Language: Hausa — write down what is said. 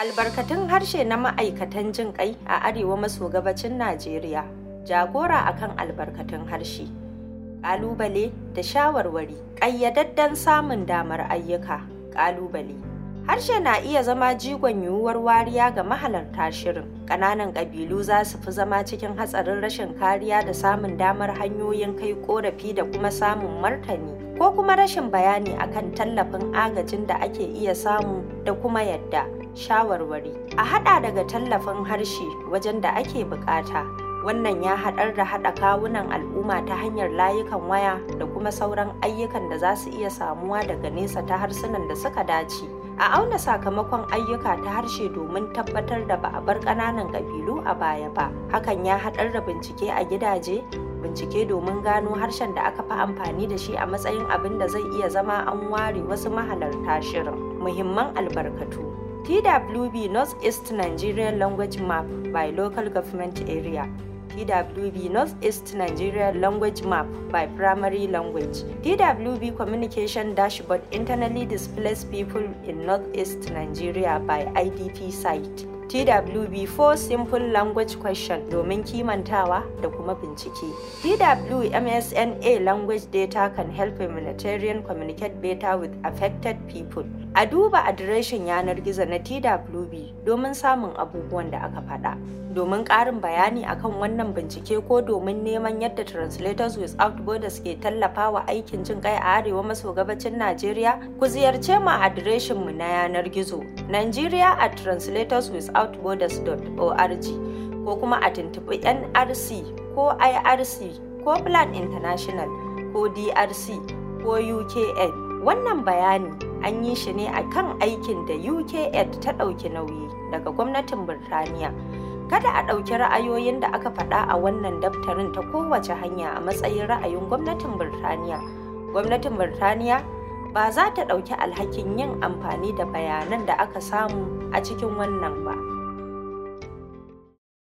albarkatun harshe na ma'aikatan jin kai a arewa maso gabacin najeriya jagora akan albarkatun harshe ƙalubale da shawarwari ƙayyadaddan samun damar ayyuka ƙalubale Harshe na iya zama jigon yiwuwar wariya ga mahalarta shirin. Ƙananan ƙabilu za su fi zama cikin hatsarin rashin kariya da samun damar hanyoyin kai ƙorafi da kuma samun martani ko kuma rashin bayani akan tallafin agajin da ake iya samu da kuma yadda shawarwari. A haɗa daga tallafin harshe wajen da ake buƙata. wannan ya haɗar da haɗa kawunan al'umma ta hanyar layukan waya da kuma sauran ayyukan da za su iya samuwa daga nesa ta harsunan da suka dace. a auna sakamakon ayyuka ta harshe domin tabbatar da ba a bar ƙananan ƙabilu a baya ba hakan ya haɗar da bincike a gidaje bincike domin gano harshen da aka fi amfani da shi a matsayin abin da zai iya zama an ware wasu mahalarta shirin muhimman albarkatu TWB North East Nigerian Language Map by Local Government Area TWB Northeast Nigeria Language Map by Primary Language. TWB Communication Dashboard internally displays people in Northeast Nigeria by IDP site. TWB4 Simple Language Question domin kimantawa da kuma bincike. MSNA Language Data can help humanitarian communicate better with affected people. A duba adireshin yanar gizo na TWB domin samun abubuwan da aka faɗa. Domin ƙarin bayani akan wannan bincike ko domin neman yadda Translators Without Borders ke tallafawa aikin jin kai a arewa maso gabacin Najeriya, ku ziyarce mu adireshinmu na yanar gizo. Nigeria at Translators Without withoutborders.org ko kuma a tuntuɓi NRC ko IRC ko Plan International ko DRC ko UKN. Wannan bayani an yi shi ne a kan aikin da UKN ta ɗauki nauyi daga gwamnatin Birtaniya. Kada a ɗauki ra'ayoyin da aka faɗa a wannan daftarin ta kowace hanya a matsayin ra'ayin gwamnatin Birtaniya. Gwamnatin Birtaniya ba za ta ɗauki alhakin yin amfani da bayanan da aka samu a cikin wannan ba.